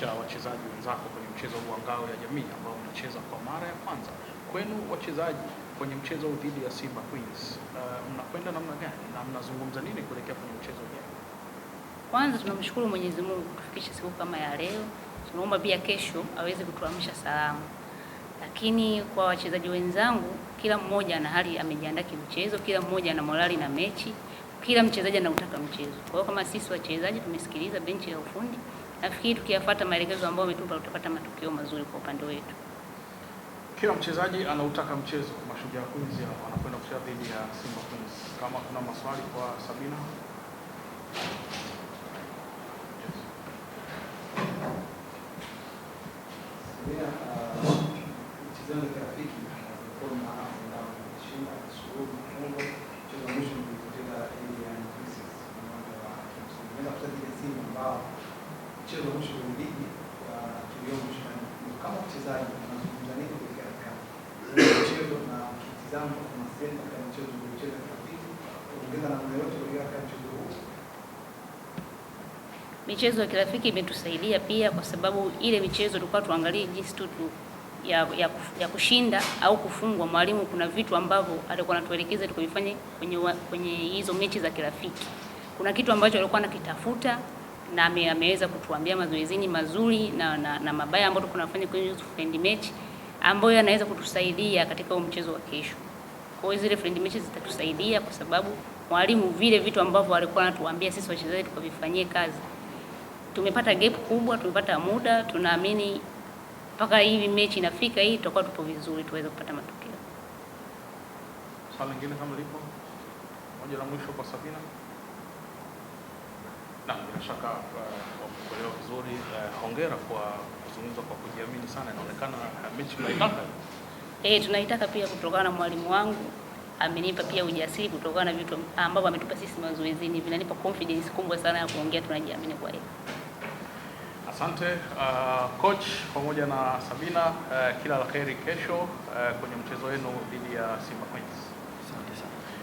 kuwakaribisha wachezaji wenzako kwenye mchezo huu wa Ngao ya Jamii ambao unacheza kwa mara ya kwanza kwenu wachezaji kwenye mchezo huu dhidi ya Simba Queens, uh, mnakwenda namna gani na mnazungumza nini kuelekea kwenye mchezo huu? Kwanza tunamshukuru Mwenyezi Mungu kutufikisha siku kama ya leo, tunaomba pia kesho aweze kutuamsha salama. Lakini kwa wachezaji wenzangu, kila mmoja ana hali amejiandaa kimchezo, kila mmoja ana morali na mechi kila mchezaji anautaka mchezo. Kwa hiyo kama sisi wachezaji tumesikiliza benchi ya ufundi, nafikiri tukiyafuata maelekezo ambayo wametupa utapata matokeo mazuri kwa upande wetu. Kila mchezaji anautaka mchezo. Mashujaa Queens wanakwenda kucheza dhidi ya Simba Queens. Kama kuna maswali kwa Sabina yes. msimu ambao mchezo wa mwisho kwenye ligi kama mchezaji unazungumza nini mchezo na kitizamo kwa mchezo kuongeza na wote mchezo huu? Michezo ya kirafiki imetusaidia pia, kwa sababu ile michezo tulikuwa tuangalie jinsi tu ya, ya, ya kushinda au kufungwa. Mwalimu kuna vitu ambavyo alikuwa anatuelekeza tukavifanye kwenye hizo mechi za kirafiki kuna kitu ambacho alikuwa anakitafuta na ameweza kutuambia mazoezini mazuri na, na, na mabaya ambayo tunafanya kwenye friend match ambayo anaweza kutusaidia katika huo mchezo wa kesho. Kwa hiyo zile friend matches zitatusaidia kwa sababu mwalimu vile vitu ambavyo alikuwa anatuambia sisi wachezaji tukavifanyie kazi. Tumepata gap kubwa, tumepata muda, tunaamini mpaka hivi mechi inafika hii tutakuwa tupo vizuri tuweze kupata matokeo. Swali lingine kama lipo moja la mwisho kwa Sabina. Na bila shaka wamekuelewa uh, vizuri uh, hongera kwa kuzungumza kwa kujiamini sana, inaonekana uh, mechi tunaitaka. Eh, tunaitaka pia kutokana na mwalimu wangu amenipa pia ujasiri kutokana na vitu ambavyo ametupa sisi mazoezini, vinanipa confidence kubwa sana ya kuongea tunajiamini kwa hiyo Asante uh, coach pamoja na Sabina uh, kila la heri kesho uh, kwenye mchezo wenu dhidi ya Simba Queens. Asante sana.